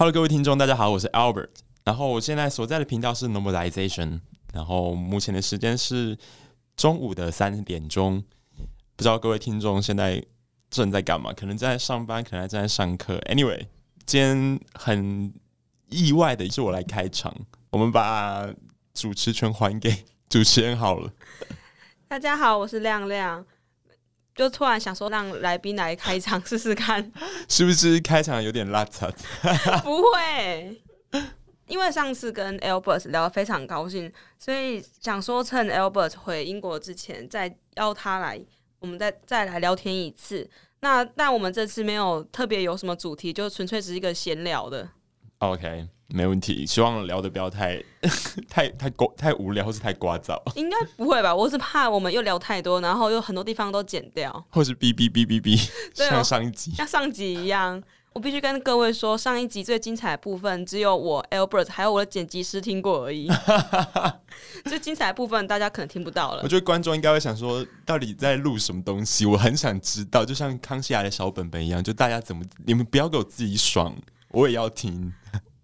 Hello，各位聽眾，大家好，我是 Albert。然後我現在所在的頻道是 Normalization。然後目前的時間是中午的三點鐘。不知道各位聽眾現在正在幹嘛？可能正在上班，可能還正在上課。Anyway，今天很意外的是我來開場，我們把主持權還給主持人好了。大家好，我是亮亮。就突然想說讓來賓來開場試試看 ，是不是開場有點邋遢？ 不會，因為上次跟 Albert 聊得非常高興，所以想說趁 Albert 回英國之前，再邀他來，我們再再來聊天一次。那但我們這次沒有特別有什麼主題，就純粹只是一個閒聊的。OK。沒問題，希望聊得不要太、太太過、太無聊，或是太聒噪。應該不會吧？我是怕我們又聊太多，然後又很多地方都剪掉，或是嗶嗶嗶嗶嗶，像上一集，像上集一樣。我必須跟各位說，上一集最精彩的部分只有我 Albert 還有我的剪輯師聽過而已。 最精彩的部分大家可能聽不到了。我覺得觀眾應該會想說，到底在錄什麼東西？我很想知道，就像康熙來的小本本一樣，就大家怎麼你們不要給我自己爽，我也要聽。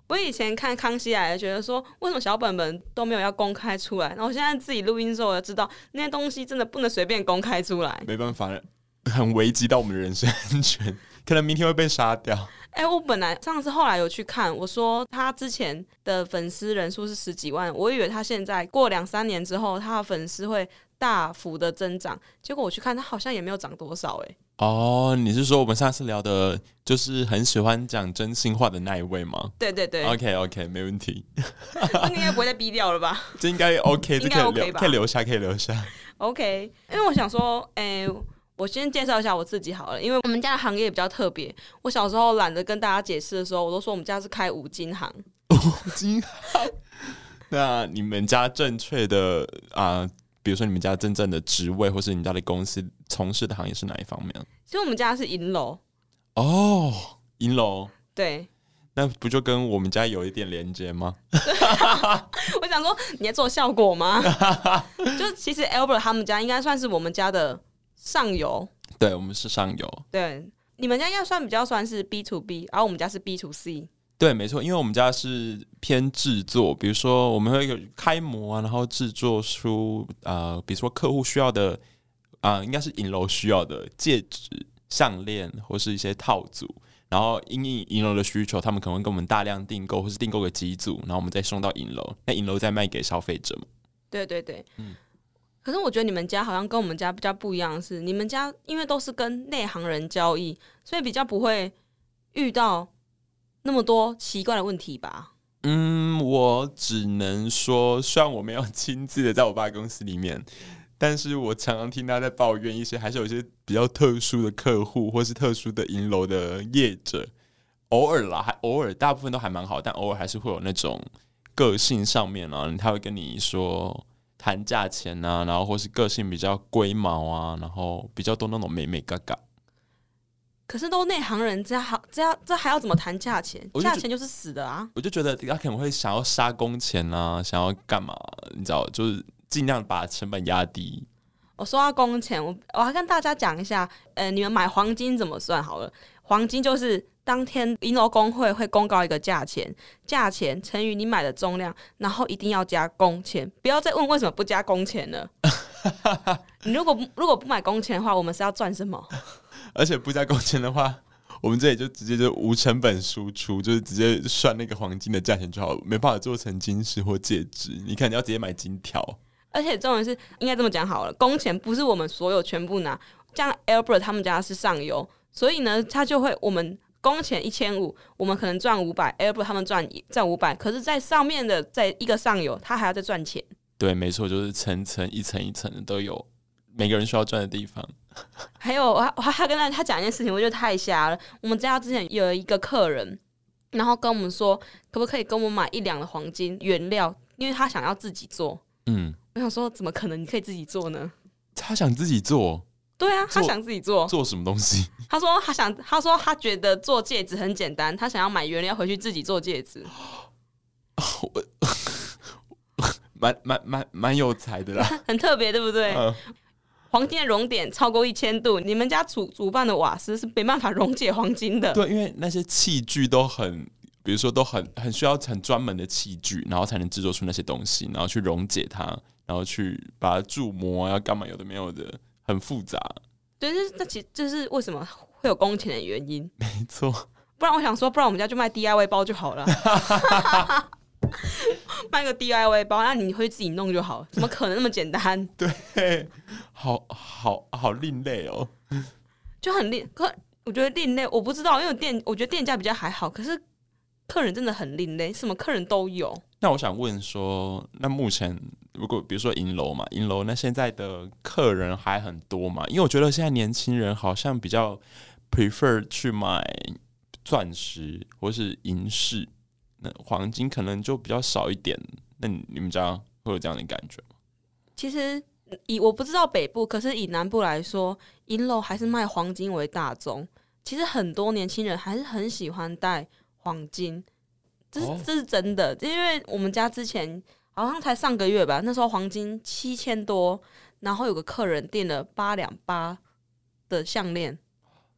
我以前看《康熙來了》，覺得說為什麼小本本都沒有要公開出來？然後我現在自己錄音之後，我就知道那些東西真的不能隨便公開出來。沒辦法了，很危及到我們的人身安全，可能明天會被殺掉。哎、欸，我本來上次後來有去看，我說他之前的粉絲人數是十幾萬，我以為他現在過兩三年之後，他的粉絲會大幅的增長，結果我去看，他好像也沒有漲多少、欸，哎。哦，你是說我們上次聊的，就是很喜歡講真心話的那一位嗎？對對對，OK OK，沒問題。 應該不會再逼掉了吧？這應該 OK，這可以，okay，吧可以留下，可以留下。OK，因為我想說，哎、欸，我先介紹一下我自己好了，因為我們家的行業比較特別。我小時候懶得跟大家解釋的時候，我都說我們家是開五金行。五金行？那你們家正確的啊？呃比如說你們家真正的職位，或是你家的公司從事的行業是哪一方面？其實我們家是銀樓哦，銀樓，對，那不就跟我們家有一點連接嗎？ 我想說你在做效果嗎？ 就其實 Albert 他們家應該算是我們家的上游，對，我們是上游，對，你們家應該算比較算是 B to B，而我們家是 B to C。對，沒錯，因為我們家是偏制作，比如說我們會開模啊，然後制作出，呃，比如說客戶需要的啊、呃，應該是銀樓需要的戒指、項鏈或是一些套組，然後因應銀樓的需求，他們可能會跟我們大量訂購，或是訂購個幾組，然後我們再送到銀樓，那銀樓再賣給消費者。對對對，嗯，可是我覺得你們家好像跟我們家比較不一樣的是，是你們家因為都是跟內行人交易，所以比較不會遇到那麼多奇怪的問題吧？嗯，我只能說，雖然我沒有親自的在我爸公司裡面，但是我常常聽他在抱怨一些，還是有一些比較特殊的客戶，或是特殊的銀樓的業者，偶爾啦，還偶爾，大部分都還蠻好，但偶爾還是會有那種個性上面呢、啊，他會跟你說談價錢啊，然後或是個性比較龜毛啊，然後比較多那種美美嘎嘎。可是都內行人，這樣好，這樣這還要怎麼談價錢？價錢就是死的啊！我就覺得他可能會想要殺工錢啊，想要幹嘛？你知道，就是盡量把成本壓低。我說到工錢，我我還跟大家講一下，呃，你們買黃金怎麼算好了？黃金就是當天銀樓公會會公告一個價錢，價錢乘以你買的重量，然後一定要加工錢，不要再問為什麼不加工錢了。 你如果如果不買工錢的話，我們是要賺什麼？而且不加工錢的話，我們這裡就直接就無成本輸出，就是直接算那個黃金的價錢就好，沒辦法做成金飾或戒指。你看，你要直接買金條。而且重點是，應該這麼講好了，工錢不是我們所有全部拿。像 Albert 他們家是上游，所以呢，他就會我們工錢一千五，我們可能賺五百，Albert 他們賺賺五百。可是，在上面的在一個上游，他還要再賺錢。對，沒錯，就是層層一層一層的都有，每個人需要賺的地方。還有，我我他跟他他講一件事情，我覺得太瞎了。我們家之前有一個客人，然後跟我們說，可不可以跟我們買一兩的黃金原料，因為他想要自己做。嗯，我想說，怎麼可能你可以自己做呢？他想自己做，對啊，他想自己做，做，做什麼東西？他說他想，他說他覺得做戒指很簡單，他想要買原料回去自己做戒指。蠻蠻蠻蠻有才的啦，很特別，對不對？嗯。黃金的熔點超過一千度，你們家煮煮飯的瓦斯是沒辦法溶解黃金的。對，因為那些器具都很，比如說都很很需要很專門的器具，然後才能製作出那些東西，然後去溶解它，然後去把它注模，要幹嘛有的沒有的，很複雜。對，那其這是為什麼會有工錢的原因。沒錯，不然我想說，不然我們家就賣 DIY 包就好了。 賣 個 DIY 包，那你會自己弄就好？怎麼可能那麼簡單？ 對，好好好另類哦，就很另。可我覺得另類，我不知道，因為店我,我覺得店家比較還好，可是客人真的很另類，什麼客人都有。那我想問說，那目前如果比如說銀樓嘛，銀樓那現在的客人還很多嘛？因為我覺得現在年輕人好像比較 prefer 去買鑽石或是銀飾。黃金可能就比較少一點，那你們家會有這樣的感覺嗎？其實以我不知道北部，可是以南部來說，銀樓還是賣黃金為大宗。其實很多年輕人還是很喜歡戴黃金，這是、哦、這是真的。因為我們家之前好像才上個月吧，那時候黃金七千多，然後有個客人訂了八兩八的項鏈，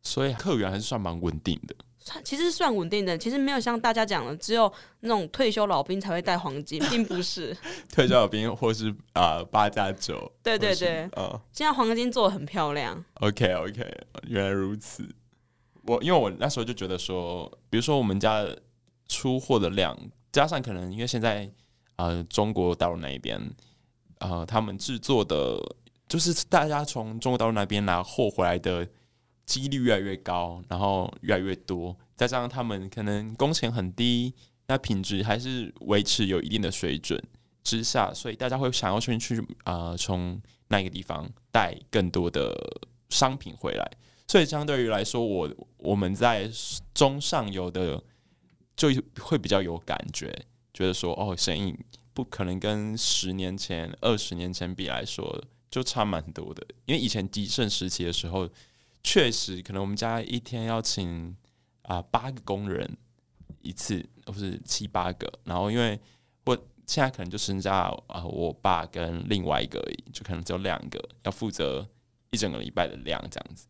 所以客源還是算蠻穩定的。算其實算穩定的，其實沒有像大家講的，只有那種退休老兵才會帶黃金，並不是。 退休老兵或是啊 8+9，呃、對對對，啊、呃，現在黃金做的很漂亮。OK OK，原來如此。我因為我那時候就覺得說，比如說我們家出貨的量，加上可能因為現在呃中國大陸那一邊，呃他們制作的，就是大家從中國大陸那邊拿貨回來的。幾率越來越高，然後越來越多，再加上他們可能工錢很低，那品質還是維持有一定的水準之下，所以大家會想要先去啊，從、呃、那個地方帶更多的商品回來。所以相對於來說，我我們在中上游的就會比較有感覺，覺得說哦，生意不可能跟十年前、二十年前比來說就差蠻多的，因為以前極盛時期的時候。確實，可能我們家一天要請啊、呃、八個工人一次，不是七八個。然後，因為我現在可能就剩下，啊我爸跟另外一個而已，就可能只有兩個要負責一整個禮拜的量這樣子。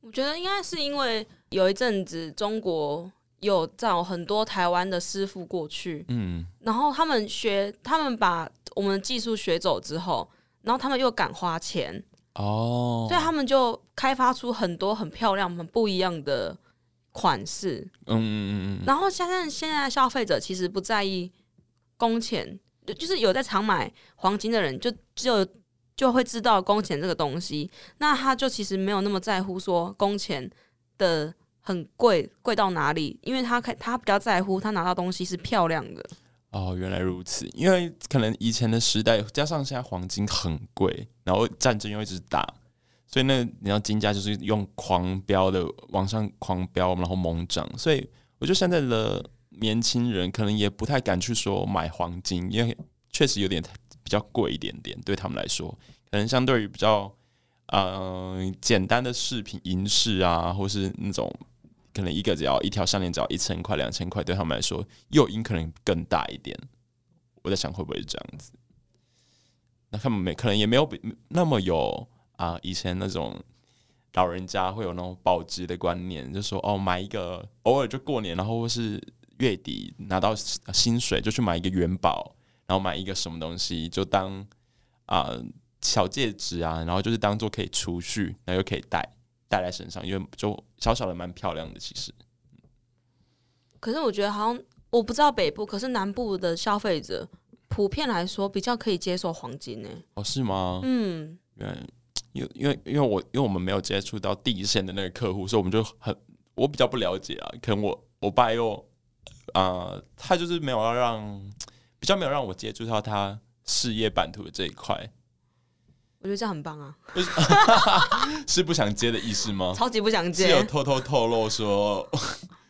我覺得應該是因為有一陣子中國有找很多台灣的師傅過去，嗯，然後他們學，他們把我們的技術學走之後，然後他們又敢花錢。哦、oh，所以他們就開發出很多很漂亮、很不一樣的款式。嗯嗯嗯。然後現在現在消費者其實不在意工錢，就是有在常買黃金的人就，就就就會知道工錢這個東西。那他就其實沒有那麼在乎說工錢的很貴，貴到哪裡，因為他開，他比較在乎他拿到東西是漂亮的。哦，原來如此，因為可能以前的時代，加上現在黃金很貴，然後戰爭又一直打，所以那你要金價就是用狂飆的往上狂飆，然後猛漲。所以我覺得現在的年輕人可能也不太敢去說買黃金，因為確實有點比較貴一點點，對他們來說，可能相對於比較嗯、呃、簡單的飾品、銀飾啊，或是那種。可能一個只要一條項鏈，只要一千塊、兩千塊，對他們來說誘因可能更大一點。我在想會不會是這樣子？那他們沒可能也沒有比那麼有啊、呃，以前那種老人家會有那種保值的觀念，就說哦，買一個偶爾就過年，然後或是月底拿到薪水就去買一個元寶，然後買一個什麼東西就當啊、呃、小戒指啊，然後就是當做可以儲蓄，然後又可以戴。帶在身上，因為就小小的蠻漂亮的，其實。可是我覺得好像，我不知道北部，可是南部的消費者普遍來說比較可以接受黃金呢、欸。哦，是嗎？嗯，嗯，因因為因為我因為我們沒有接觸到第一線的那個客戶，所以我們就很我比較不了解啊。可能我我爸又啊、呃，他就是沒有要讓比較沒有讓我接觸到他事業版圖的這一塊。我覺得這樣很棒啊！ 是不想接的意思嗎？超級不想接，只有偷偷透，透露說，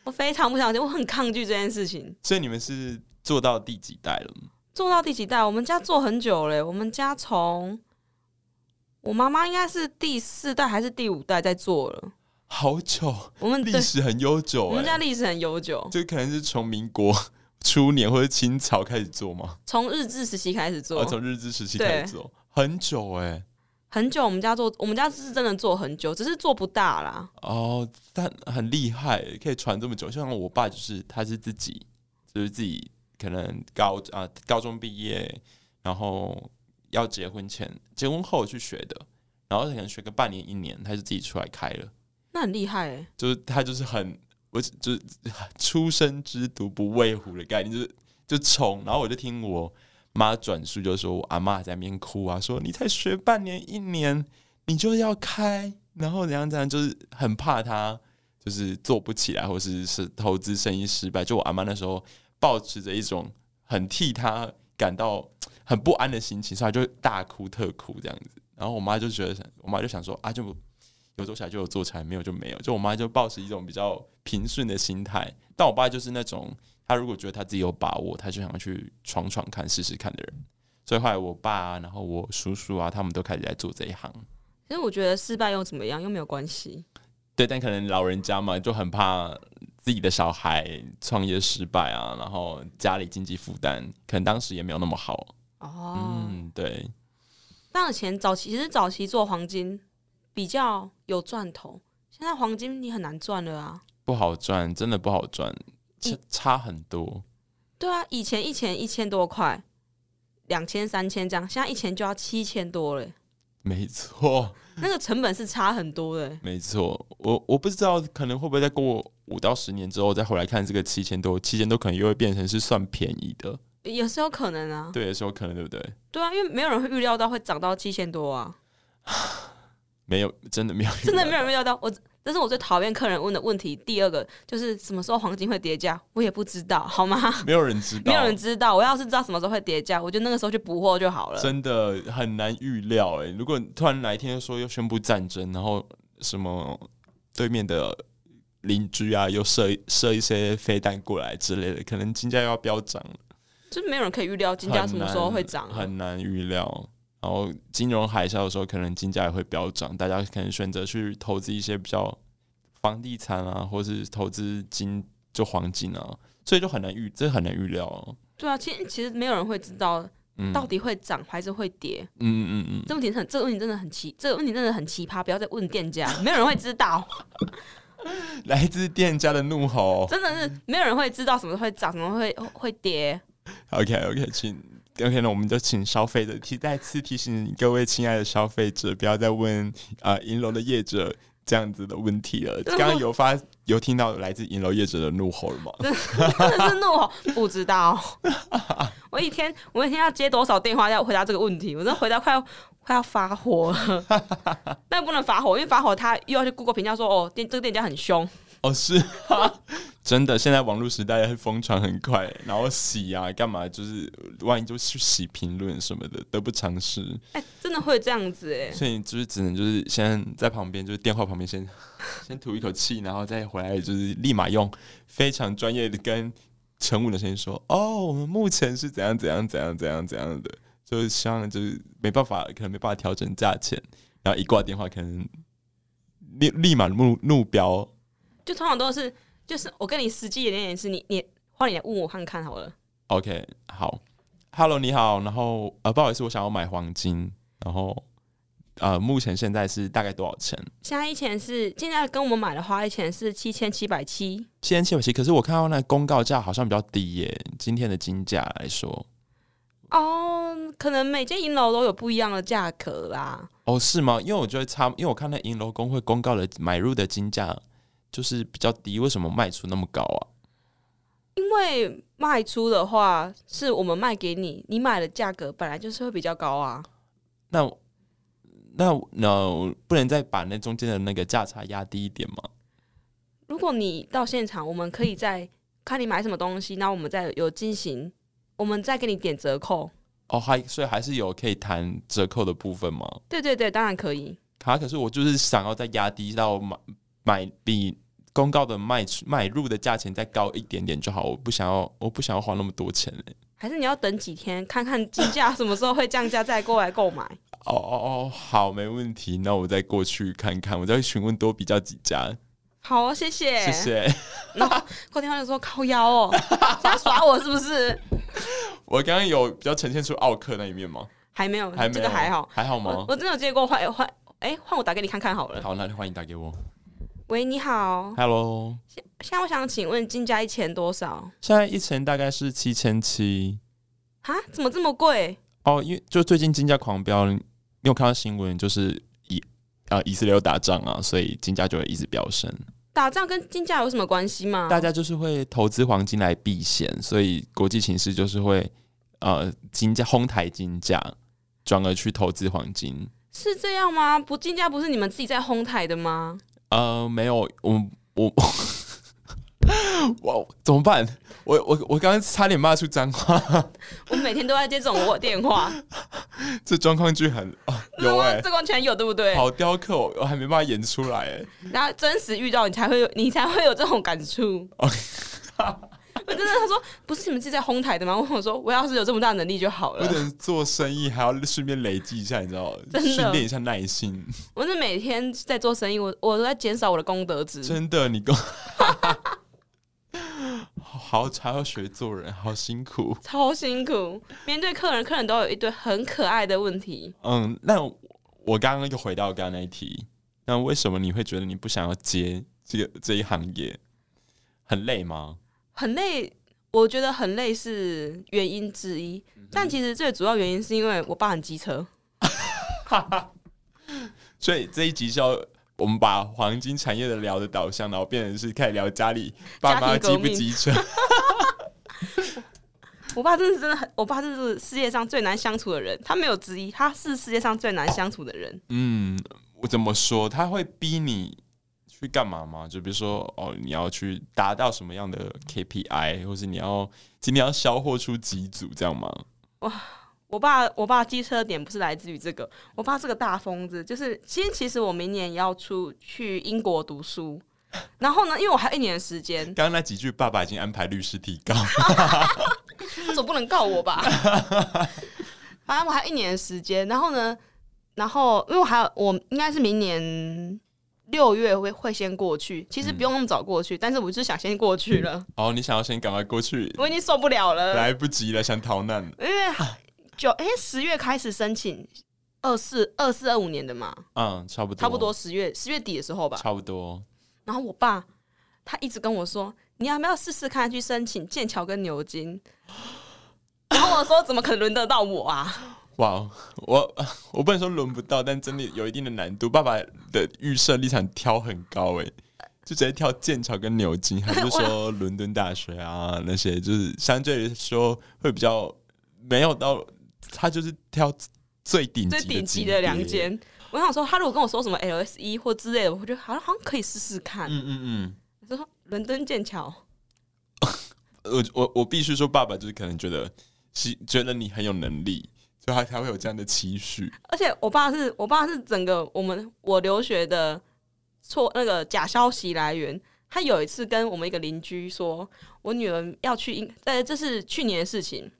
我非常不想接，我很抗拒這件事情。所以你們是做到第幾代了嗎？做到第幾代？我們家做很久了。我們家從我媽媽應該是第四代還是第五代在做了，好久。我們歷史很悠久，我們家歷史很悠久，就可能是從民國初年或者清朝開始做嗎？從日治時期開始做。哦、從日治時期開始做。很久誒、欸，很久。我們家做，我們家是真的做很久，只是做不大啦。哦，但很厲害，可以傳這麼久。像我爸就是，他是自己，就是自己可能高啊，高中畢業，然後要結婚前、結婚後去學的，然後可能學個半年、一年，他就自己出來開了。那很厲害哎、欸，就是他就是很，我就是“初生之犢不畏虎”的概念，就是就衝。然後我就聽我。媽轉述就說：“我阿嬤在那邊哭啊，說你才學半年一年，你就要開，然後怎樣怎樣，就是很怕他就是做不起來，或是是投資生意失敗。”就我阿嬤那時候抱持着一種很替他感到很不安的心情，所以就大哭特哭這樣子。然後我媽就覺得想，我媽就想說啊，就有做起來就有做起來，沒有就沒有。就我媽就抱持一種比較平順的心態，但我爸就是那種。他如果覺得他自己有把握，他就想要去闖闖看、試試看的人。所以後來我爸啊，然後我叔叔啊，他們都開始在做這一行。其實我覺得失敗又怎麼樣，又沒有關係。對，但可能老人家嘛，就很怕自己的小孩創業失敗啊，然後家裡經濟負擔，可能當時也沒有那麼好。哦、oh.，嗯，對。當然，錢早期其實早期做黃金比較有賺頭，現在黃金你很難賺了啊。不好賺，真的不好賺。差，差很多，對啊，以前一錢一千多塊，兩千三千這樣，現在一錢就要七千多了。沒錯，那個成本是差很多的。沒錯，我我不知道可能會不會再過五到十年之後再回來看這個七千多，七千多可能又會變成是算便宜的，也是有可能啊。對，也是有可能，對不對？對啊，因為沒有人會預料到會漲到七千多啊。沒有，真的沒有，真的沒有人預料到我。這是我最討厭客人問的問題，第二個就是什麼時候黃金會跌價，我也不知道，好嗎？沒有人知道，沒有人知道。我要是知道什麼時候會跌價，我就那個時候去補貨就好了。真的很難預料哎、欸，如果突然哪一天又說又宣布戰爭，然後什麼對面的鄰居啊，又射射一些飛彈過來之類的，可能金價又要飆漲了。就是沒有人可以預料金價什麼時候會漲，很難預料。然後金融海嘯的時候，可能金價也會飆漲，大家可能選擇去投資一些比較房地產啊，或是投資金，就黃金啊，所以就很難預，這很難預料啊。對啊，其實其實沒有人會知道到底會漲還是會跌。嗯嗯嗯，這個問題很，這個問題真的很奇，這個問題真的很奇葩。不要再問店家，沒有人會知道。 來自店家的怒吼，真的是沒有人會知道什麼會漲，什麼會會跌。OK OK，請。第二天呢，我們就請消費者提再次提醒各位親愛的消費者，不要再問啊銀樓的業者這樣子的問題了。剛剛有發有聽到來自銀樓業者的怒吼了嗎？真的是怒吼？ 不知道。 我一天我一天要接多少電話要回答這個問題，我真回答快要快要發火了， 但不能發火，因為發火他又要去顧客評價說，哦，店這個店家很兇。哦，是哈， 真的。現在網絡時代會瘋傳很快，欸，然後洗呀、啊、幹嘛？就是萬一就去洗評論什麼的，得不償失。哎，欸，真的會這樣子哎，欸。所以你就是只能就是先在，在旁邊，就是電話旁邊先先吐一口氣，然後再回來就是立馬用非常專業的跟乘務的聲音說：“哦，我們目前是怎樣怎樣怎樣怎樣怎樣的，就是希望就是沒辦法，可能沒辦法調整價錢。”然後一掛電話，可能立立馬怒怒飆。就通常都是，就是我跟你實際的點也是，你你換，你來問，我看看好了。OK，好。Hello，你好。然後呃、啊，不好意思，我想要買黃金。然後呃，目前現在是大概多少錢？現在一錢是，現在跟我們買的花一錢是七千七百七。七千七百七。可是我看到那公告價好像比較低耶，今天的金價來說。哦、oh,，可能每間銀樓都有不一樣的價格啦。哦，是嗎？因為我覺得差，因為我看那銀樓公會公告的買入的金價。就是比較低，為什麼賣出那麼高啊？因為賣出的話是我們賣給你，你買的價格本來就是會比較高啊。那那那，no, 不能再把那中間的那個價差壓低一點嗎？如果你到現場，我們可以再看你買什麼東西，那我們再有進行，我們再給你點折扣。哦，還所以還是有可以談折扣的部分嗎？對對對，當然可以。它、啊、可是我就是想要再壓低到買。買比公告的賣出買入的價錢再高一點點就好，我不想要，我不想要花那麼多錢、欸、還是你要等幾天看看金價什麼時候會降價再過來購買？ 哦哦哦，好，沒問題，那我再過去看看，我再詢問多比較幾家。好、哦，謝謝，謝謝。郭 天放就說靠腰哦，他耍我是不是？ 我剛剛有比較呈現出奧客那一面嗎還？還沒有，這個還好，還好嗎？我,我真的有借過換換哎換我打給你看看好了，好，那你歡迎打給我。喂，你好。Hello。現在我想請問金價一錢多少？現在一錢大概是七千七。蛤？怎麼這麼貴？哦，因為就最近金價狂飆，因為我看到新聞，就是以啊、呃、以色列有打仗啊，所以金價就會一直飆升。打仗跟金價有什麼關係嗎？大家就是會投資黃金來避險，所以國際形勢就是會呃金價哄抬金價，轉而去投資黃金。是這樣嗎？不，金價不是你們自己在哄抬的嗎？呃，沒有，我我我 哇，怎麼辦？我我我剛剛差點罵出髒話。我每天都在接這種我電話 這、啊，欸，這狀況劇很有啊，這狀況全有，對不對？好雕刻，我還沒辦法演出來欸，然後真實遇到，你才會有，你才會有這種感觸。 我真的，他說不是你們自己在哄抬的嗎？問我說，我要是有這麼大能力就好了。不能做生意，還要順便累積一下，你知道？再訓練一下耐心。我是每天在做生意，我我都在減少我的功德值。真的，你夠 好，好，還要學做人，好辛苦，超辛苦。面對客人，客人都有一堆很可愛的問題。嗯，那我剛剛就回到剛剛那一題，那為什麼你會覺得你不想要接這個這一行業？很累嗎？很累，我覺得很累是原因之一。嗯，但其實最主要原因是因為我爸很機車， 所以這一集就我們把黃金產業的聊的導向，然後變成是開始聊家裡爸爸機不機車 我爸真的是真的很，我爸真是世界上最難相處的人，他沒有之一，他是世界上最難相處的人。嗯，我怎麼說？他會逼你，會幹嘛嗎？就比如說哦，你要去達到什麼樣的 KPI，或是你要今天要銷貨出幾組這樣嗎？哇！我爸我爸機車點不是來自於這個，我爸是個大瘋子。就是先其，其實我明年也要出去英國讀書，然後呢，因為我還有一年的時間。剛 剛那幾句，爸爸已經安排律師提告， 他總不能告我吧？反正， 我還有一年的時間，然後呢，然後因為我還有我應該是明年。六月會會先過去，其實不用那麼早過去，嗯、但是我就是想先過去了，嗯。哦，你想要先趕快過去，我已經受不了了，來不及了，想逃難。因為九哎十月開始申請，二四二四二五年的嘛，嗯，差不多差不多十月十月底的時候吧，差不多。然後我爸他一直跟我說，你要不要試試看去申請劍橋跟牛津？然後我說，怎麼可能輪得到我啊？哇、wow，我我不能說輪不到，但真的有一定的難度。爸爸的預設立場挑很高哎，欸，就直接挑劍橋跟牛津，還是說倫敦大學啊那些，就是相對於說會比較沒有到，他就是挑最頂最頂級的兩間。我想說，他如果跟我說什麼 LSE 或之類的，我覺得好像好像可以試試看。嗯嗯嗯，他說倫敦劍橋 我我我必須說，爸爸就是可能覺得是覺得你很有能力。就他才會有這樣的期許，而且我爸是我爸是整個我們我留學的錯那個假消息來源。他有一次跟我們一個鄰居說，我女兒要去英，呃、哎，這是去年的事情，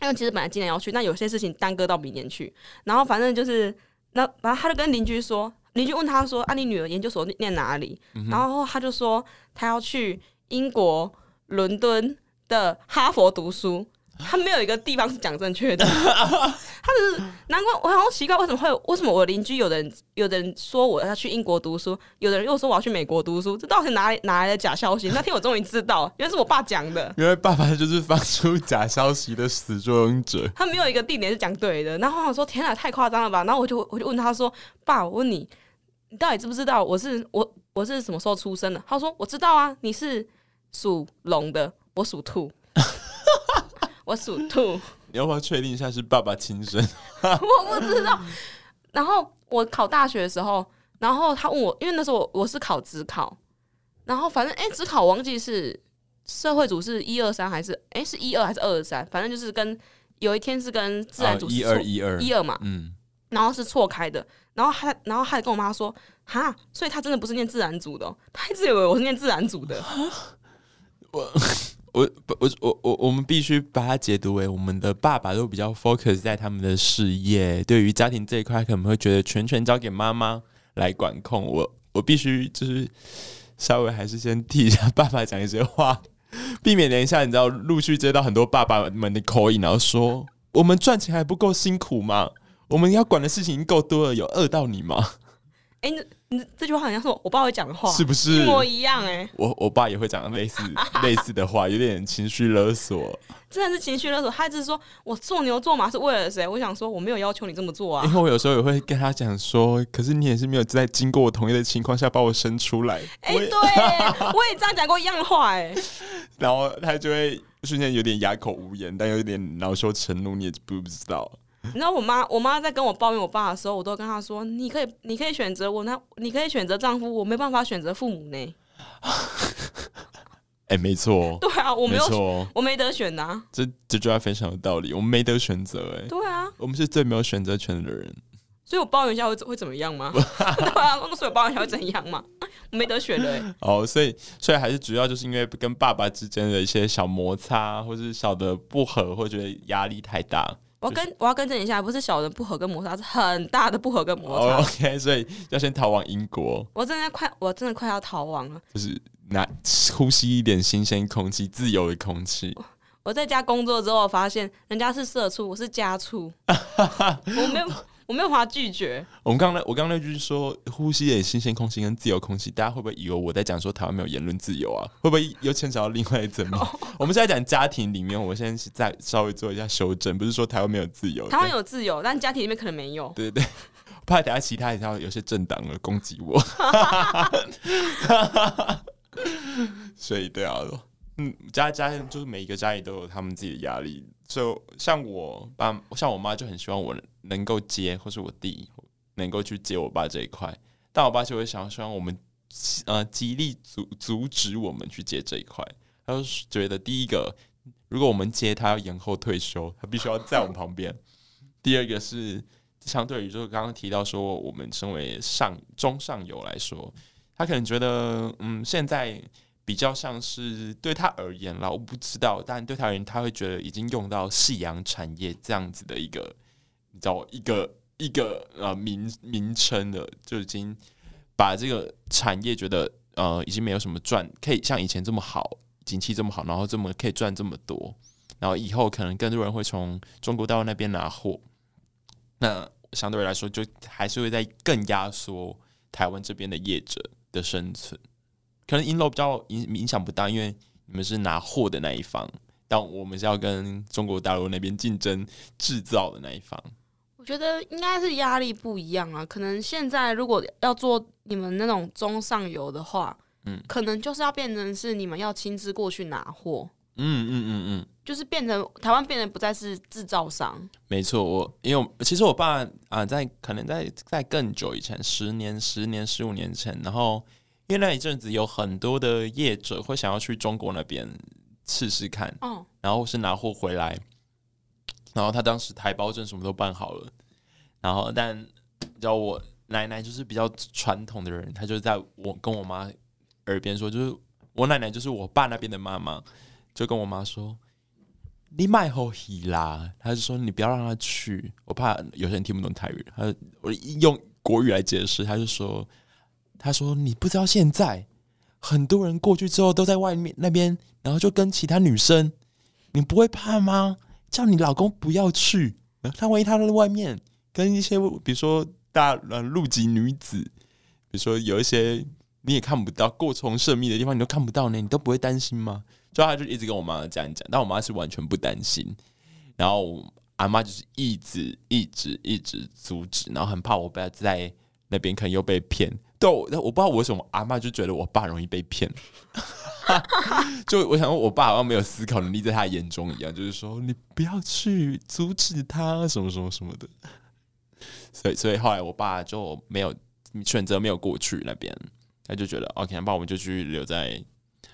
因為其實本來今年要去，那有些事情耽擱到明年去。然後反正就是，那然後他就跟鄰居說，鄰居問他說：“啊，你女兒研究所念哪裡？”嗯、然後他就說，他要去英國倫敦的哈佛讀書。他沒有一個地方是講正確的， 他只是難怪我很好像奇怪，為什麼會為什麼我鄰居有的人有的人說我要去英國讀書，有的人又說我要去美國讀書，這到底是哪裡哪來的假消息？那天我終於知道了， 原來是我爸講的，因為爸爸就是發出假消息的始作俑者。他沒有一個地點是講對的，然後我說：“天啊，太誇張了吧！”然後我就我就問他說：“爸，我問你，你到底知不知道我是我我是什麼時候出生的？”他說：“我知道啊，你是屬龍的，我屬兔。”我屬兔，你要不要確定一下是爸爸親生？ 我不知道。然後我考大學的時候，然後他問我，因為那時候我是考指考，然後反正哎，指、欸、考我忘記是社會組是一二三還是哎、欸、是一二還是二二三，反正就是跟有一天是跟自然組一二一二一二嘛，嗯，然後是錯開的，然後還然後他還跟我媽說，哈，所以他真的不是念自然組的、哦，他一直以為我是念自然組的， 我 我我我我我們必須把它解讀為，我們的爸爸都比較 focus 在他們的事業，對於家庭這一塊可能會覺得全權交給媽媽來管控。我我必須就是稍微還是先替一下爸爸講一些話，避免等一下你知道陸續接到很多爸爸們的口音，然後說我們賺錢還不夠辛苦嗎？我們要管的事情已經夠多了，有餓到你嗎？誒。你這句話好像是我爸會講的話，是不是一模一樣、欸？哎，我我爸也會講類似 類似的話，有點情緒勒索。真的是情緒勒索，他一直說我做牛做馬是為了誰？我想說我沒有要求你這麼做啊。因、欸、為我有時候也會跟他講說，可是你也是沒有在經過我同意的情況下把我生出來。哎、欸，對， 我也這樣講過一樣的話、欸，哎，然後他就會瞬間有點啞口無言，但又有點惱羞成怒，你也不不知道。你知道我媽，我媽在跟我抱怨我爸的時候，我都跟她說：“你可以，你可以選擇我，那你可以選擇丈夫，我沒辦法選擇父母呢。 ”哎、欸，沒錯，對啊，我沒有選沒，我沒得選吶、啊。這這句話非常有道理，我們沒得選擇，哎，對啊，我們是最沒有選擇權的人。所以我抱怨一下會會怎麼樣嗎？對啊，我所我抱怨一下會怎樣嗎？沒得選的、欸。哦、oh,，所以所以還是主要就是因為跟爸爸之間的一些小摩擦，或是小的不合，或覺得壓力太大。我跟我要更正一下，不是小人不和跟摩擦，是很大的不和跟摩擦。Oh, OK，所以要先逃往英國。我真的快，我真的快要逃亡了。就是拿呼吸一點新鮮空氣，自由的空氣。我在家工作之後，發現人家是社畜，我是家畜。哈哈。我沒有。我沒有辦法拒絕。我們剛剛，我剛剛那句說呼吸點新鮮空氣跟自由空氣，大家會不會以為我在講說台灣沒有言論自由啊？會不會又牽扯到另外一層？Oh. 我們現在講家庭裡面，我現在是在稍微做一下修正，不是說台灣沒有自由，台灣有自由，但家庭裡面可能沒有。對對,對，我怕等下其他一條有些政黨來攻擊我。 所以對啊，嗯，家家就是每一個家裡都有他們自己的壓力。就像我爸，像我媽就很希望我。能夠接，或是我弟能夠去接我爸這一塊，但我爸就會想要希望我們呃極力阻阻止我們去接這一塊。他覺得第一個，如果我們接他要延後退休，他必須要在我們旁邊； 第二個是，相對於就是剛剛提到說，我們身為上中上游來說，他可能覺得，嗯，現在比較像是對他而言了，我不知道，但對他而言，他會覺得已經用到夕陽產業這樣子的一個。找一個一個呃、啊、名名稱的，就已經把這個產業覺得呃已經沒有什麼賺，可以像以前這麼好，景氣這麼好，然後這麼可以賺這麼多，然後以後可能更多人會從中國大陸那邊拿貨，那相對來說就還是會再更壓縮台灣這邊的業者的生存。可能銀樓比較影影響不大，因為你們是拿貨的那一方，但我們是要跟中國大陸那邊競爭製造的那一方。我覺得應該是壓力不一樣啊，可能現在如果要做你們那種中上游的話，嗯，可能就是要變成是你們要親自過去拿貨，嗯嗯嗯嗯，就是變成台灣變成不再是制造商。沒錯，我因為我其實我爸啊，呃，在可能在在更久以前，十年、十年、十五年前，然後因為那一陣子有很多的業者會想要去中國那邊試試看，哦，然後是拿貨回來。然後他當時台胞證什麼都辦好了，然後但，你知道我奶奶就是比較傳統的人，他就在我跟我媽耳邊說，就是我奶奶就是我爸那邊的媽媽，就跟我媽說：“你買好戲啦。”他就說：“你不要讓他去，我怕有些人聽不懂台語。”她，我用國語來解釋，他就說：“他說你不知道，現在很多人過去之後都在外面那邊，然後就跟其他女生，你不會怕嗎？”叫你老公不要去，他萬一他在外面跟一些比如說大呃陸籍女子，比如說有一些你也看不到，過從甚密的地方你都看不到呢、欸，你都不會擔心嗎？就 他就一直跟我媽這樣講，但我媽是完全不擔心。然後阿嬤就是一直一直一直阻止，然後很怕我爸在那邊可能又被騙。對，我我不知道為什麼阿嬤就覺得我爸容易被騙。 哈， 就我想，我爸好像沒有思考能力，在他眼中一樣，就是說你不要去阻止他，什麼什麼什麼的。所以，所以後來我爸就沒有選擇，沒有過去那邊，他就覺得 OK，那我們就去留在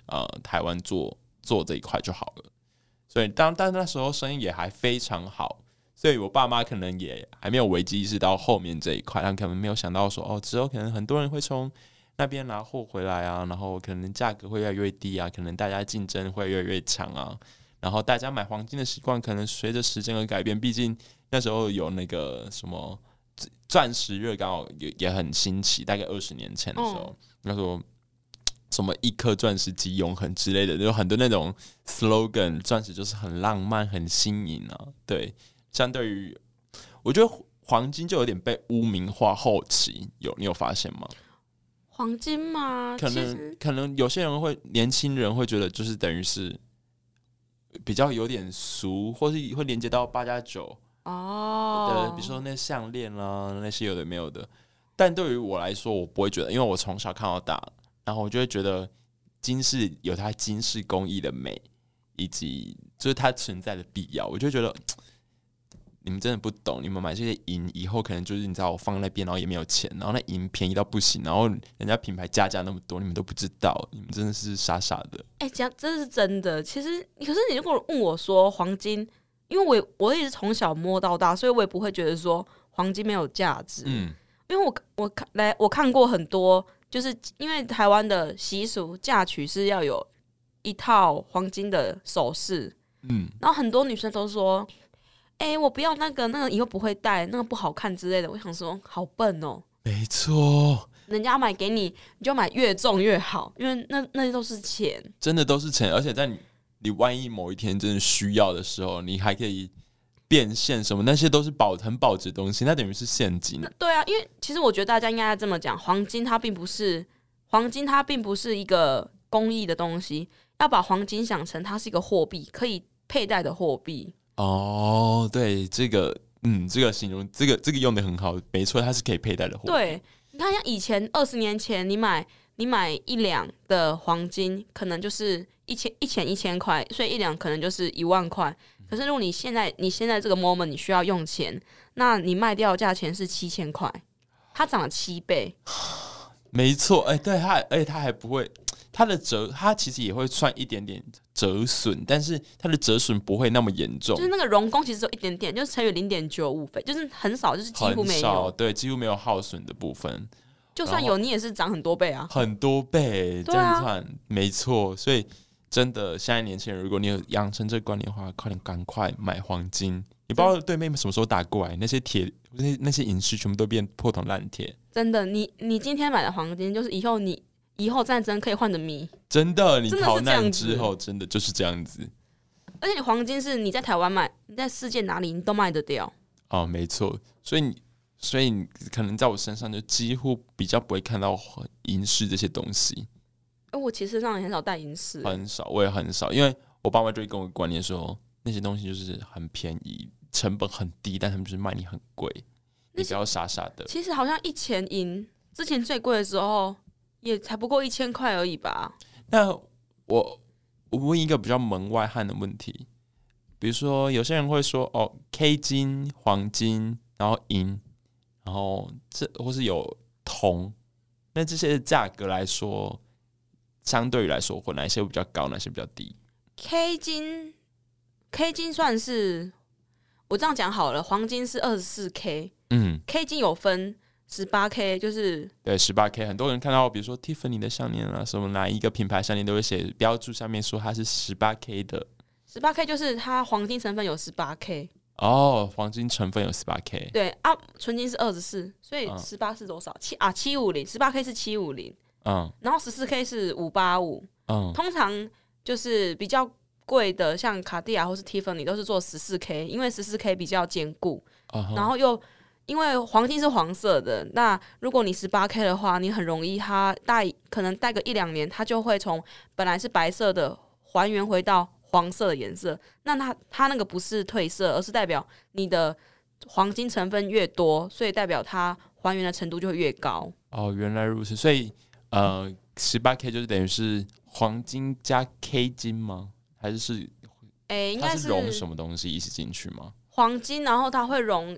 呃台灣做做這一塊就好了。所以，當但，但那時候生意也還非常好，所以我爸媽可能也還沒有危機意識到後面這一塊，他們可能沒有想到說哦，之後可能很多人會從那邊拿貨回來啊，然後可能價格會越來越低啊，可能大家競爭會越來越強啊，然後大家買黃金的習慣可能隨着時間而改變。畢竟那時候有那個什麼鑽石熱，剛好也也很新奇，大概二十年前的時候、嗯，那時候什麼一顆鑽石即永恆之類的，有很多那種 slogan，鑽石就是很浪漫、很新穎啊。對，相對於我覺得黃金就有點被污名化。後期有你有發現嗎？黃金嗎？可能其實可能有些人會，年輕人會覺得就是等於是比較有點俗，或是會連接到八加九哦。對，oh，比如說那項鏈啦，那些有的沒有的。但對於我來說，我不會覺得，因為我從小看到大，然後我就會覺得金飾有它金飾工藝的美，以及就是它存在的必要，我就覺得。你們真的不懂，你們買這些銀以後，可能就是你知道我放那邊，然後也沒有錢，然後那銀便宜到不行，然後人家品牌加價那麼多，你們都不知道，你們真的是傻傻的。哎、欸，講真的是真的。其實，可是你如果問我說黃金，因為我我也是從小摸到大，所以我也不會覺得說黃金沒有價值。嗯，因為我我看來我看過很多，就是因為台灣的習俗，嫁娶是要有一套黃金的首飾。嗯，然後很多女生都說。誒、欸，我不要那個，那個以後不會戴，那個不好看之類的。我想說，好笨哦、喔。沒錯，人家買給你，你就買越重越好，因為那那都是錢，真的都是錢。而且在你你萬一某一天真的需要的時候，你還可以變現什麼，那些都是保很保值的東西，那等於是現金。對啊，因為其實我覺得大家應該要這麼講，黃金它並不是黃金，它並不是一個工藝的東西，要把黃金想成它是一個貨幣，可以佩戴的貨幣。哦、oh，對，這個，嗯，這個形容，這個這個用得很好，沒錯，它是可以佩戴的。對，你看像以前二十年前，你買你買一兩的黃金，可能就是一千，一錢，一千塊，所以一兩可能就是一萬塊。可是如果你現在，你現在這個 moment 你需要用錢，那你賣掉價錢是七千塊，它漲了七倍，沒錯。哎，對，它，而且它還不會。它的折，它其實也會算一點點折損，但是它的折損不會那麼嚴重。就是那個容工，其實只有一點點，就是乘以零點九五倍，就是很少，就是幾乎沒有。很少，對，幾乎沒有耗損的部分。就算有，你也是漲很多倍啊，很多倍這樣算，對啊，沒錯。所以真的，現在年輕人，如果你有養成這個觀念的話，快點趕快買黃金。你不知道對妹妹什麼時候打過來，那些鐵，那些那些銀飾全部都變破銅爛鐵。真的，你你今天買的黃金，就是以後你。以後戰爭可以換的米，真的，你逃難之後真，真的就是這樣子。而且你黃金是你在台灣賣，你在世界哪裡你都賣得掉。哦，沒錯，所以你，所以你可能在我身上就幾乎比較不會看到銀飾這些東西。哎、欸，我其實上也很少帶銀飾，很少，我也很少，因為我爸媽就會跟我觀念說，那些東西就是很便宜，成本很低，但他們就是賣你很貴，你不要傻傻的。其實好像一錢銀之前最貴的時候，也才不過一千塊而已吧？那我我問一個比較門外漢的問題，比如說有些人會說哦，K 金、黃金，然後銀，然後這或是有銅，那這些價格來說，相對於來說，哪一些比較高，哪些比較低？K 金，K 金算是我這樣講好了，黃金是二十四 K，嗯，K 金有分。十八 K 就是對，十八 K，很多人看到，比如說 Tiffany 的項鏈啊，什麼哪一個品牌項鏈都會寫標註，下面說它是十八 K 的。十八 K 就是它黃金成分有十八 K 哦，黃金成分有十八 K。對啊，純金是二十四，所以十八是多少？七、嗯、啊，七五零，十八 K 是七五零，嗯，然後十四 K 是五八五，嗯，通常就是比較貴的，像卡地亞或是 Tiffany 都是做十四 K，因為十四 K 比較堅固，uh-huh. 然後又。因為黃金是黃色的，那如果你十八 K 的話，你很容易它戴，可能戴個一兩年，它就會從本來是白色的還原回到黃色的顏色。那它它那個不是褪色，而是代表你的黃金成分越多，所以代表它還原的程度就會越高。哦，原來如此。所以呃，十八 K 就是等於是黃金加 K 金嗎？還是是？哎，應該是，是融什麼東西一起進去嗎？黃金，然後它會融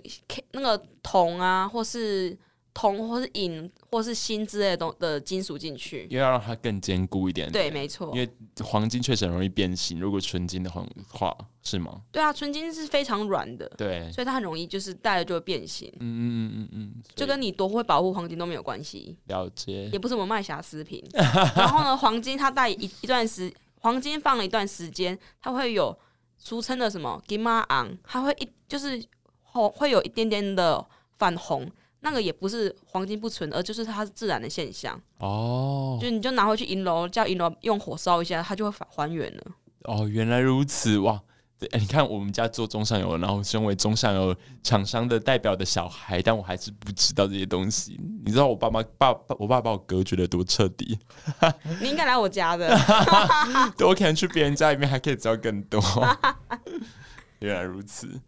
那個銅啊，或是銅，或是銀，或是鋅之類的的金屬進去，又要讓它更堅固一點。對，沒錯。因為黃金確實很容易變形，如果純金的話，是嗎？對啊，純金是非常軟的，對，所以它很容易就是戴了就會變形。嗯嗯嗯嗯嗯，就跟你多會保護黃金都沒有關係。了解。也不是我們賣瑕疵品。 然後呢，黃金它戴一一段時，黃金放了一段時間，它會有。俗稱的什麼金馬紅，它會一就是火會有一點點的泛紅，那個也不是黃金不純，而就是它是自然的現象哦。就你就拿回去銀樓，叫銀樓用火燒一下，它就會還原了。哦，原來如此哇！哎、欸，你看我們家做中上游，然後身為中上游廠商的代表的小孩，但我還是不知道這些東西。你知道我爸媽爸，我爸爸把我隔絕得多徹底。 你應該來我家的。多 可能去別人家裡面還可以知道更多。 原來如此。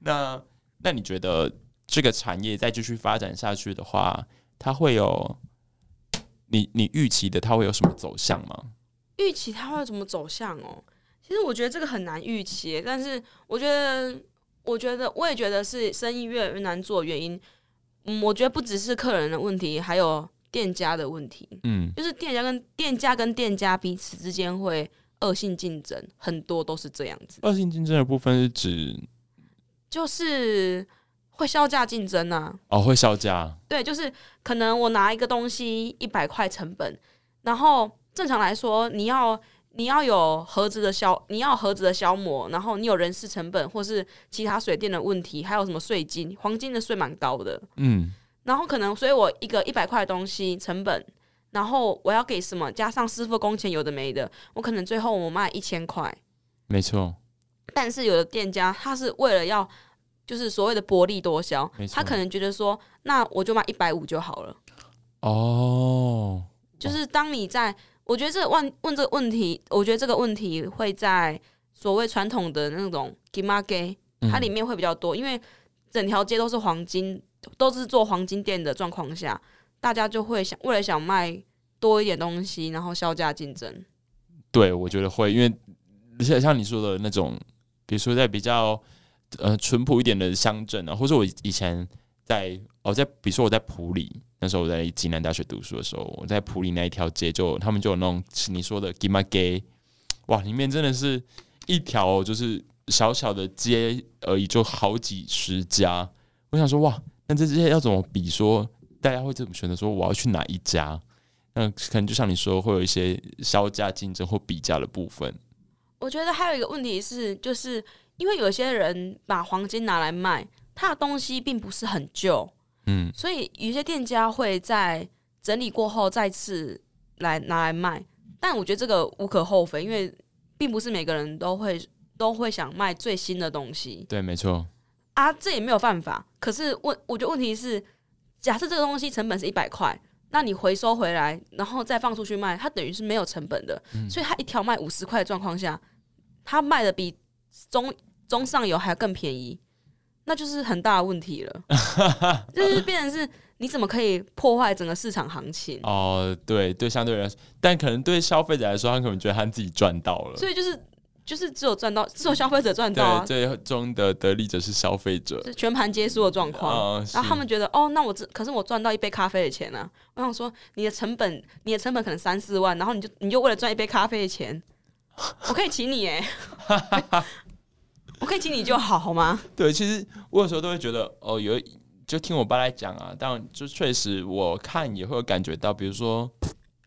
那那你覺得這個產業再繼續發展下去的話，它會有你你預期的它會有什麼走向嗎？預期它會有什麼走向哦？其實我覺得這個很難預期，但是我覺得，我覺得我也覺得是生意越來越難做原因。嗯，我覺得不只是客人的問題，還有店家的問題。嗯，就是店家跟店家跟店家彼此之間會惡性競爭，很多都是這樣子。惡性競爭的部分是指，就是會削價競爭呢、啊？哦，會削價。對，就是可能我拿一個東西一百塊成本，然後正常來說你要。你要有盒子的消，你要盒子的消磨，然後你有人事成本，或是其他水電的問題，還有什麼稅金？黃金的稅蠻高的，嗯。然後可能，所以我一個一百塊的東西成本，然後我要給什麼？加上師傅工錢，有的沒的，我可能最後我賣一千塊。沒錯。但是有的店家他是為了要，就是所謂的薄利多銷，他可能覺得說，那我就賣一百五就好了。哦。就是當你在、哦。我覺得這問問這個問題，我覺得這個問題會在所謂傳統的那種金馬街，嗯，它裡面會比較多，因為整條街都是黃金，都是做黃金店的狀況下，大家就會想為了想賣多一點東西，然後削價競爭。對，我覺得會，因為像像你說的那種，比如說在比較呃淳樸一點的鄉鎮啊，或者我以前在。哦，在比如說我在埔里，那時候我在暨南大學讀書的時候，我在埔里那一條街就，就他們就有那種你說的 GIMAGI，哇，裡面真的是一條就是小小的街而已，就好幾十家。我想說，哇，那這些要怎麼比說？說大家會怎麼選擇？說我要去哪一家？那可能就像你說，會有一些削價競爭或比價的部分。我覺得還有一個問題是，就是因為有些人把黃金拿來賣，他的東西並不是很舊。嗯，所以有些店家會在整理過後再次來拿來賣，但我覺得這個無可厚非，因為並不是每個人都會都會想賣最新的東西。對，沒錯。啊，這也沒有辦法。可是問，我覺得問題是，假設這個東西成本是一百塊，那你回收回來，然後再放出去賣，它等於是沒有成本的，嗯，所以它一條賣五十塊的狀況下，它賣的比中中上游還要更便宜。那就是很大的問題了， 就是變成是，你怎麼可以破壞整個市場行情？哦，對對，相對來說，但可能對消費者來說，他可能覺得他自己賺到了。所以就是就是只有賺到，只有消費者賺到、啊，對，最終的得利者是消費者，是全盤皆輸的狀況、哦。然後他們覺得，哦，那我只，可是我賺到一杯咖啡的錢呢、啊？我想我說，你的成本，你的成本可能三四萬，然後你就你就為了賺一杯咖啡的錢， 我可以請你哎、欸。 我可以請你就好，好嗎？ 對，其實我有時候都會覺得，哦、呃，有就聽我爸來講啊，但就確實我看也會有感覺到，比如說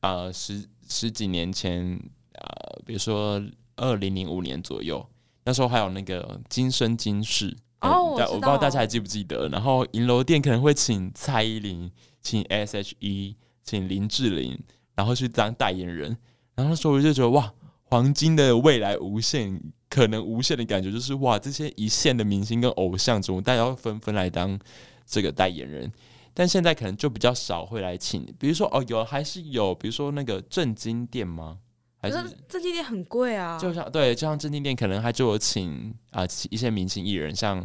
啊、呃，十十幾年前啊、呃，比如說二零零五年左右，那時候還有那個今生金飾，哦、嗯我，我不知道大家還記不記得。然後銀樓店可能會請蔡依林、請 S H E、請林志玲，然後去當代言人。然後那時候我就覺得哇，黃金的未來無限。可能無限的感覺就是哇，這些一線的明星跟偶像中，大家會紛紛來當這個代言人。但現在可能就比較少會來請，比如說哦，有還是有，比如說那個鎮金店嗎？還是鎮金店很貴啊。就像對，就像鎮金店可能他就有請啊、呃、一些明星藝人，像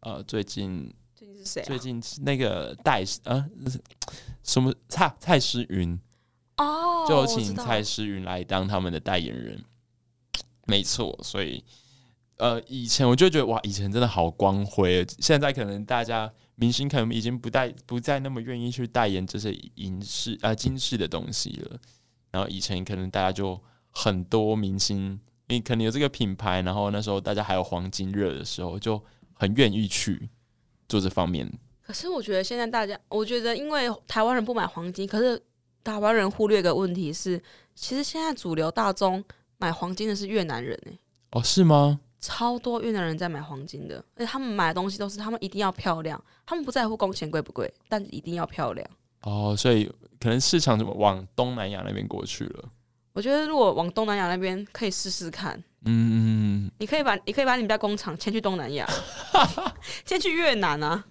呃最近最近是誰、啊？最近那個戴啊、呃、什麼啊蔡蔡詩芸哦，oh, 就有請蔡詩芸來當他們的代言人。沒錯，所以，呃，以前我就覺得哇，以前真的好光輝。現在可能大家明星可能已經不帶不再那麼願意去代言這些銀飾啊金飾的東西了。然後以前可能大家就很多明星，因為可能有這個品牌，然後那時候大家還有黃金熱的時候，就很願意去做這方面。可是我覺得現在大家，我覺得因為台灣人不買黃金，可是台灣人忽略個問題是，其實現在主流大眾。買黃金的是越南人呢、欸？哦，是嗎？超多越南人在買黃金的，而且他們買的東西都是他們一定要漂亮，他們不在乎工錢貴不貴，但一定要漂亮。哦，所以可能市場怎麼往東南亞那邊過去了？我覺得如果往東南亞那邊可以試試看。嗯，你可以把你可以把你們家工廠遷去東南亞， 先去越南啊！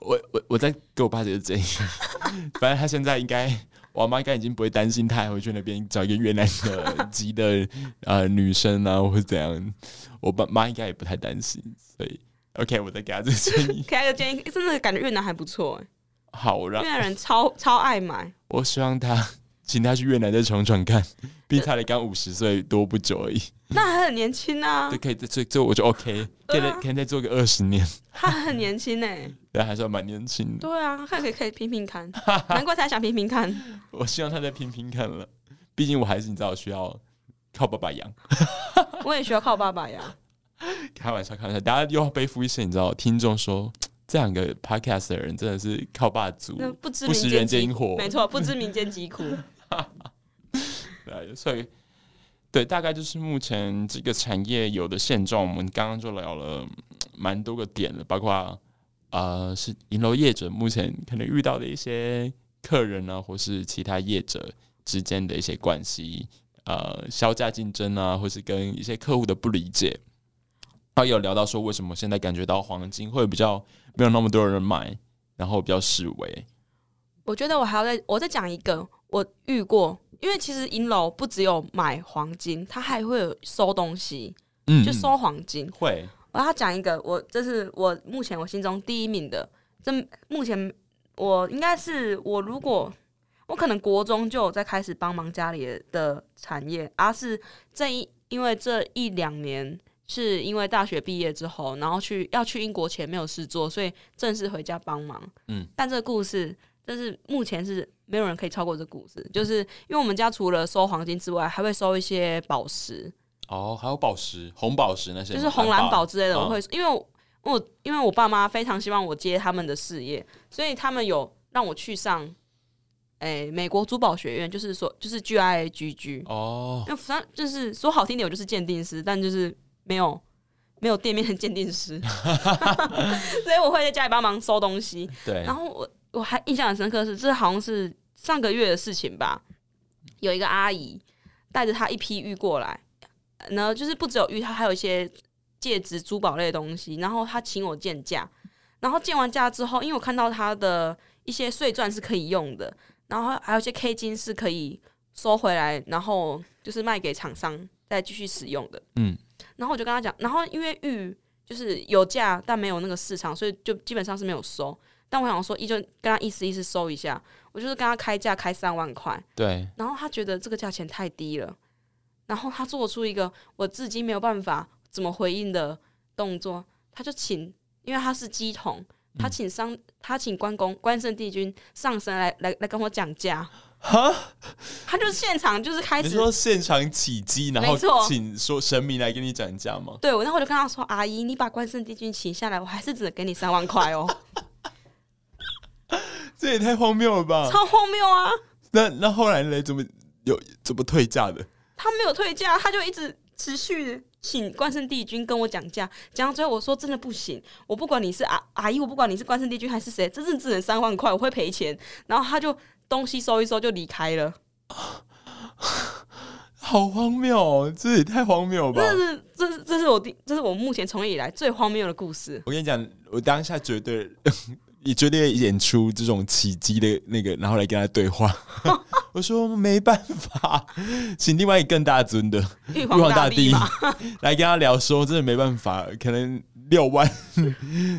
我我我在給我爸解釋這一建議 反正他現在應該。我媽應該已經不會擔心，她還會去那邊找一個越南的籍的呃 女生啊，或者怎樣。我爸媽應該也不太擔心，所以 OK，我再給他這個建議。給他個建議， 真的感覺越南還不錯哎、欸。好，越南人超超愛買。我希望他請他去越南再闖闖看，畢竟他才剛五十歲，多不久而已。 那還很年輕啊。對，可以 okay, 可以再做，做我就 OK，可以可以再做個二十年。 他很年輕哎、欸。但還是要蠻年輕的。對啊，還可以可以拼拼看， 難怪他想拼拼看。 我希望他再拼拼看了，畢竟我還是你知道需要靠爸爸養。 我也需要靠爸爸養。 開玩笑，開玩笑，大家又要背負一些。你知道，聽眾說，這兩個 podcast 的人真的是靠爸族，不食人間煙火，沒錯，不知民間疾苦。 對啊，所以對，大概就是目前這個產業有的現狀。我們剛剛就聊了蠻多個點了，包括。呃，是銀樓業者目前可能遇到的一些客人呢、啊，或是其他業者之間的一些關係，呃，削價競爭啊，或是跟一些客戶的不理解，他、啊、有聊到說，為什麼現在感覺到黃金會比較沒有那麼多人買，然後比較式微。我覺得我還要再我再講一個我遇過，因為其實銀樓不只有買黃金，它還會有收東西，嗯，就收黃金、嗯、會。我要講一個，我這是我目前我心中第一名的。這目前我應該是我如果我可能國中就在開始幫忙家裡的產業，而、啊、是這一因為這一兩年是因為大學畢業之後，然後去要去英國前沒有事做，所以正式回家幫忙。嗯，但這個故事就是目前是沒有人可以超過這故事，就是因為我們家除了收黃金之外，還會收一些寶石。哦，還有寶石、紅寶石那些，就是紅藍寶之類的。我會說、哦，因為我我因為我爸媽非常希望我接他們的事業，所以他們有讓我去上哎、欸、美國珠寶學院，就是說就是 G I A G G 哦，就反正就是說好聽點，我就是鑑定師，但就是沒有沒有店面的鑑定師， 所以我會在家裡幫忙收東西。對，然後我我還印象很深刻的是，這是好像是上個月的事情吧，有一個阿姨帶着她一批玉過來。呢，就是不只有玉，他還有一些戒指、珠寶類的東西。然後他請我鑑價，然後鑑完價之後，因為我看到他的一些碎鑽是可以用的，然後還有一些 K 金是可以收回來，然後就是賣給廠商再繼續使用的。嗯，然後我就跟他講，然後因為玉就是有價但沒有那個市場，所以就基本上是沒有收。但我想說，一就跟他意思意思收一下，我就是跟他開價開三萬塊，對。然後他覺得這個價錢太低了。然後他做出一個我至今沒有辦法怎麼回應的動作，他就請，因為他是乩童，他請上，他請關公、關聖帝君上身來來來跟我講價，哈，他就現場就是開始你說現場起乩，然後請說神明來跟你講價嗎？對，我那會就跟他說：“阿姨，你把關聖帝君請下來，我還是只能給你三萬塊哦。 ”這也太荒謬了吧！超荒謬啊！那那後來嘞，怎麼有怎麼退價的？他沒有退價，他就一直持續的請關聖帝君跟我講價，講到最後我說真的不行，我不管你是阿阿姨，我不管你是關聖帝君還是誰，真正只能三萬塊，我會賠錢。然後他就東西收一收就離開了，好荒謬哦，這也太荒謬了吧！這是這是這是我第這是我目前從業以來最荒謬的故事。我跟你講，我當下絕對呵呵也絕對演出這種奇蹟的那個，然後來跟他對話。哦我說沒辦法，請另外一個更大尊的玉皇大,玉皇大帝來跟他聊說，說真的沒辦法，可能六萬、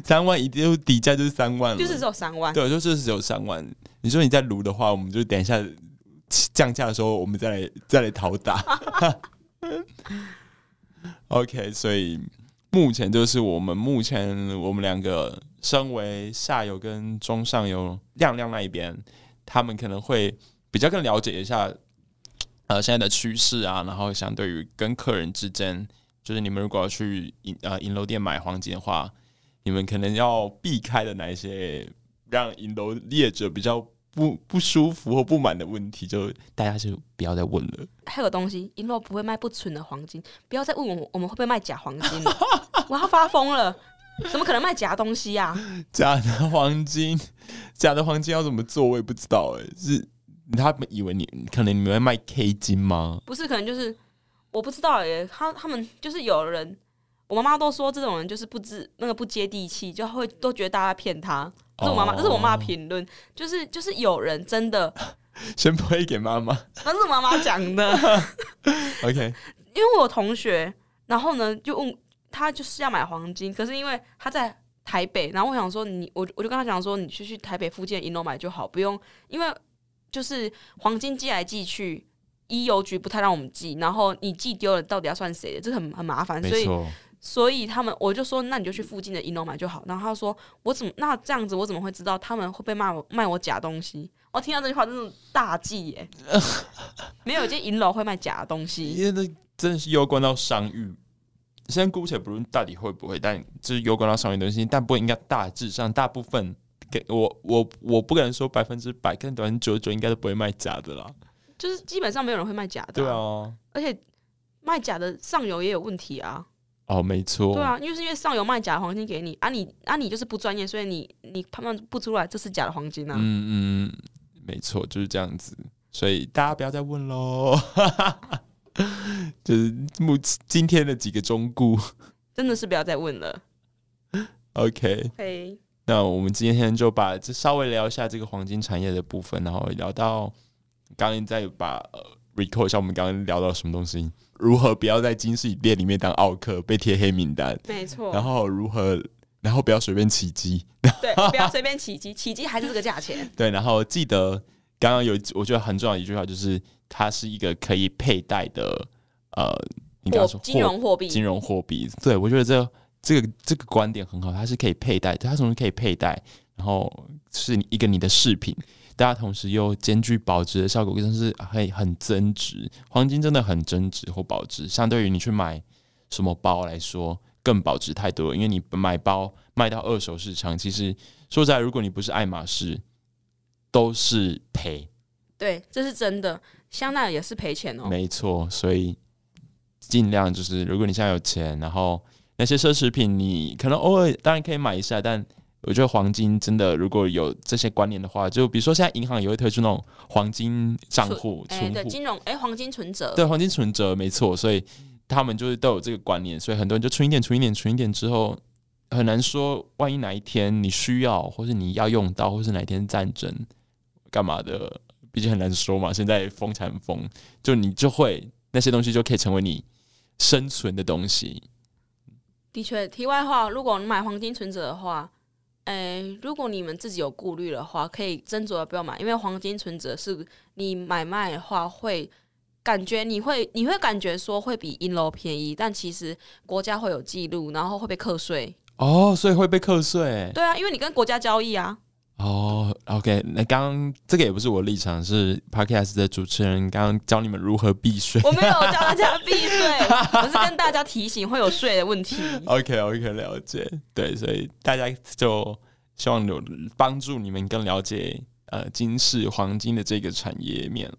三萬，一定底價就是三萬，就是只有三萬。對，就是只有三萬。你說你在盧的話，我們就等一下降價的時候，我們再來再來討打。 OK，所以目前就是我們目前我們兩個身為下游跟中上游亮亮那一邊，他們可能會。比較更了解一下，呃，現在的趨勢啊，然後相對於跟客人之間，就是你們如果要去銀呃銀樓店買黃金的話，你們可能要避開的那一些讓銀樓業者比較不不舒服或不滿的問題，就大家就不要再問了。還有東西，銀樓不會賣不純的黃金，不要再問我，我們會不會賣假黃金？我 要發瘋了，怎麼可能賣假東西呀、啊？假的黃金，假的黃金要怎麼做？我也不知道哎、欸，是。他以為你可能你們在賣 K 金嗎？不是，可能就是我不知道耶。他他們就是有人，我媽媽都說這種人就是不知那個不接地氣，就會都覺得大家騙他、oh. 媽媽。這是我媽媽，這是我媽媽評論，就是就是有人真的。先不會給媽媽，那是我媽媽講的。 OK，因為我同學，然後呢就問他就是要買黃金，可是因為他在台北，然後我想說你我我就跟他講說你去去台北附近銀樓買就好，不用因為。就是黃金寄來寄去，一郵局不太讓我們寄，然後你寄丟了，到底要算誰的？這很很麻煩，所以所以他們我就說，那你就去附近的銀樓買就好。然後他說，我怎麼那這樣子，我怎麼會知道他們會不會賣我賣我假東西？我，oh, 聽到這句話真是大忌耶！ 沒有一間銀樓會賣假東西，因為這真的是攸關到商譽。現在姑且不論到底會不會，但就是攸關到商譽的東西，但不應該大致上大部分，我我我不敢說百分之百，但百分之九十九應該都不會賣假的啦。就是基本上沒有人會賣假的，啊。對啊。而且賣假的上游也有問題啊。哦、喔，沒錯。對啊，因為是因為上游賣假的黃金給你，啊你啊你就是不專業，所以你你判斷不出來這是假的黃金啊。嗯嗯，沒錯，就是這樣子。所以大家不要再問嘍。 就是目前今天的幾個忠告 真的是不要再問了。OK。嘿。那我們今天就把這稍微聊一下這個黃金產業的部分，然後聊到剛剛在把 record 一下我們剛剛聊到什麼東西，如何不要在金飾店裡面當奧客被貼黑名單，沒錯。然後如何，然後不要隨便起機，對，不要隨便起機， 起機還是這個價錢。對，然後記得剛剛有，我覺得很重要的一句話就是，它是一個可以佩戴的，呃，你剛剛說金融貨幣，金融貨幣，對我覺得這。這個這個觀點很好，它是可以佩戴，它同時可以佩戴，然後是你一個你的飾品，大家同時又兼具保值的效果，更是很很增值。黃金真的很增值或保值，相對於你去買什麼包來說，更保值太多，因為你買包賣到二手市場，其實說實在，如果你不是愛馬仕，都是賠。對，這是真的，香奈兒也是賠錢哦。沒錯，所以盡量就是，如果你現在有錢，然後。那些奢侈品你可能偶爾當然可以買一下，但我覺得黃金真的，如果有這些觀念的話，就比如說現在銀行也會推出那種黃金賬戶，存對、欸，金融，哎、欸，黃金存折，對，黃金存折沒錯，所以他們就是都有這個觀念。所以很多人就存一點，存一點，存一點之後很難說，萬一哪一天你需要或是你要用到，或是哪一天戰爭幹嘛的，畢竟很難說嘛。現在封才很封，就你就會那些東西就可以成為你生存的東西。的確，題外話，如果你買黃金存折的話，哎、欸，如果你們自己有顧慮的話，可以斟酌的。不要買，因為黃金存折是你買賣的話，會感覺你會你會感覺說會比銀樓便宜，但其實國家會有記錄，然後會被課稅。哦，所以會被課稅。對啊，因為你跟國家交易啊。哦、oh，OK，那剛剛這個也不是我立場，是 Podcast 的主持人剛剛教你們如何避稅。我沒有教大家避稅， 我是跟大家提醒會有稅的問題。 OK，OK，okay, okay, 了解。對，所以大家就希望有幫助你們更了解呃金飾黃金的這個產業面。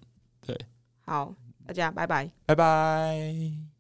對，好，大家拜拜，拜拜。